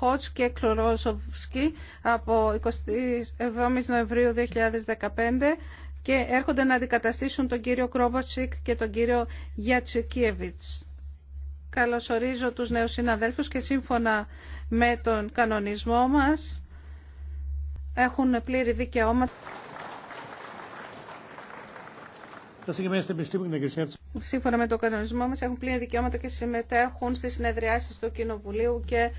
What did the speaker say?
Χότς και Κλωρόζοβσκι από 27 Νοεμβρίου 2015 και έρχονται να αντικαταστήσουν τον κύριο Κρόβατσικ και τον κύριο Γιατσικίεβιτς. Καλωσορίζω τους νέους συναδέλφους και σύμφωνα με τον κανονισμό μας έχουν πλήρη δικαιώματα. Σύμφωνα με τον κανονισμό μας έχουν πλήρη δικαιώματα και συμμετέχουν στις συνεδριάσεις του Κοινοβουλίου και